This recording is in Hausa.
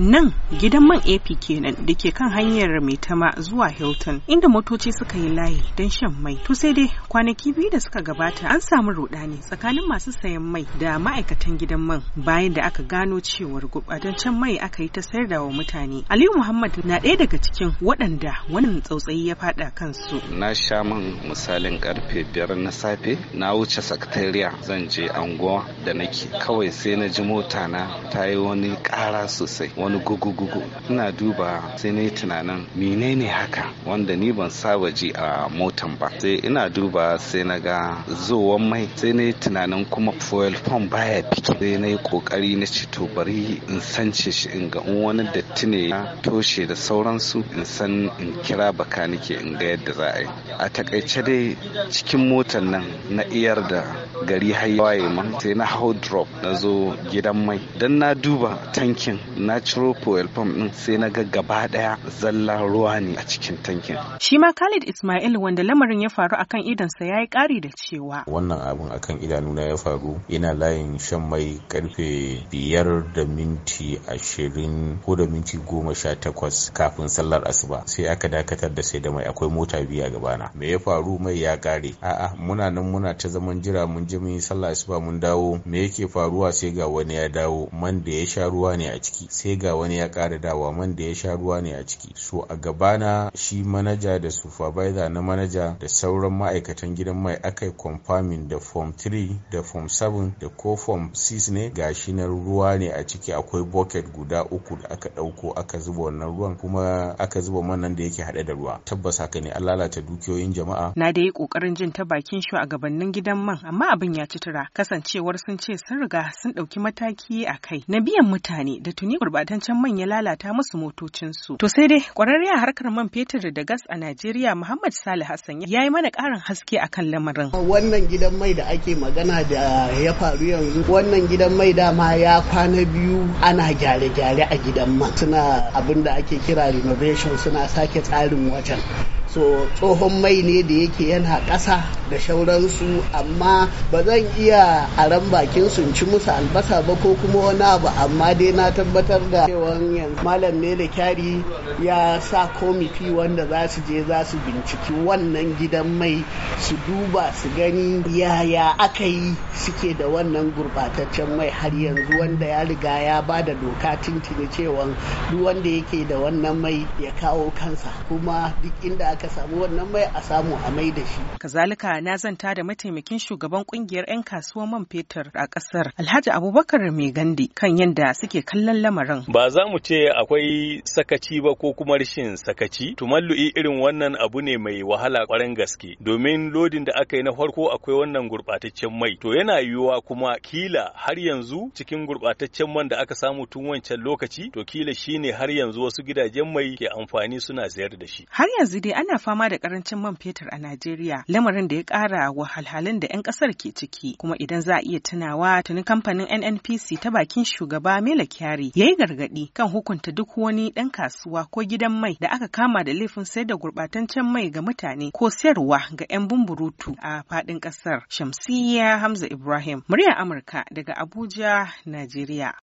nan gidan man ap kenan da ke kan hanyar maitama zuwa hilton inda motoci suka yi layi don shan mai to sai dai kwanaki biyu da suka gabata an samu rudani tsakanin masu sayan mai da ma'aikatan gidan man bayan da aka gano cewar gubataccen mai aka yi ta sayar da wa mutane aliyu muhammad na ɗaya daga cikin waɗanda wannan tsautsayi ya faɗa kansu na sha man misalin karfe biyar na safe na wuce sakatariya zan je anguwa da nake kawai sai na ji mota na ta yi wani ƙara sosai wani gugu-gugu ina duba sai na yi tunanin menene haka wanda ni ban saba ji a motan ba sai ina duba sai na ga zuwan mai sai na yi tunanin kuma fuel pump baya fiki sai na yi kokari na ci to bari in sance shi in ga wani datti ne ya toshe da sauransu in san in kira baka in ga yadda za a yi a takaice dai cikin motan nan na iyar da gari har waye man sai na hau drop na zo gidan mai dan na duba tankin na ciro fuel pump din sai na ga gaba daya zalla ruwa ne a cikin tankin shi ma Khalid Ismail wanda lamarin ya faru akan idansa yayi kari da cewa wannan abin akan idanu na ya faru ina layin shan mai karfe biyar da minti ashirin ko da minti goma sha takwas kafin sallar asuba sai aka dakatar da sai da mai akwai mota biya na. me ya faru mai ya kare a'a muna nan muna ta zaman jira mun je mun yi sallar asuba mun dawo me yake faruwa sai ga wani ya dawo man da ya sha ruwa ne a ciki sai ga wani ya ƙara dawa man da ya sha ruwa ne a ciki so a gabana shi manaja da supervisor na manaja da sauran ma'aikatan gidan mai aka yi confirming da form 3 da form 7 da ko form 6 ne gashi na ruwa ne a ciki akwai bucket guda uku da aka ɗauko aka zuba wannan ruwan kuma aka zuba man nan da yake haɗe da ruwa tabbas haka ne an lalata dukiyoyin jama'a na da yi ƙoƙarin jin ta bakin gabanin gidan man amma abin ya ci kasancewar sun ce sun riga sun ɗauki mataki a kai na biyan mutane da tuni gurɓata ta'atan man ya lalata musu motocinsu. To sai dai kwararre harkar man fetur da gas a Najeriya Muhammad Salih Hassan ya yi mana ƙarin haske a kan lamarin. Wannan gidan mai da ake magana da ya faru yanzu wannan gidan mai dama ya kwana biyu ana gyare-gyare a gidan man suna abin da ake kira renovation suna sake tsarin wajen. so tsohon mai ne da yake yana ƙasa da shauransu amma ba zan iya aran bakin sun ci musu albasa ba ko kuma wani abu amma dai na tabbatar da cewa yanzu malam ne da kyari ya sa komiti wanda za su je za su binciki wannan gidan mai su duba su gani yaya aka yi suke da wannan gurbataccen mai har yanzu wanda ya riga ya ba da doka tintini cewa duk wanda yake da wannan mai ya kawo kansa kuma duk inda aka samu wannan mai a samu a mai da shi. Kazalika na zanta da mataimakin shugaban kungiyar 'yan kasuwar man fetur a ƙasar Alhaji Abubakar Mai Gandi kan yadda suke kallon lamarin. Ba za mu ce akwai sakaci ba ko kuma rashin sakaci. Tumallu'i irin wannan abu ne mai wahala ƙwarin gaske domin lodin da aka yi na farko akwai wannan gurɓataccen mai. To yana yiwuwa kuma kila har yanzu cikin gurɓataccen man da aka samu tun wancan lokaci to kila shine har yanzu wasu gidajen mai ke amfani suna sayar da shi. Har yanzu dai ana Yana fama da karancin man fetur a Najeriya, lamarin da ya ƙara wahalhalun da 'yan ƙasar ke ciki. Kuma idan za a iya tunawa tuni kamfanin NNPC ta bakin shugaba Mela Kyari ya yi gargaɗi kan hukunta duk wani ɗan kasuwa ko gidan mai da aka kama da laifin sayar da gurɓatancen mai ga mutane ko sayarwa ga 'yan bumburutu a faɗin ƙasar. Shamsiyya Hamza Ibrahim, muryar Amurka daga Abuja, Najeriya.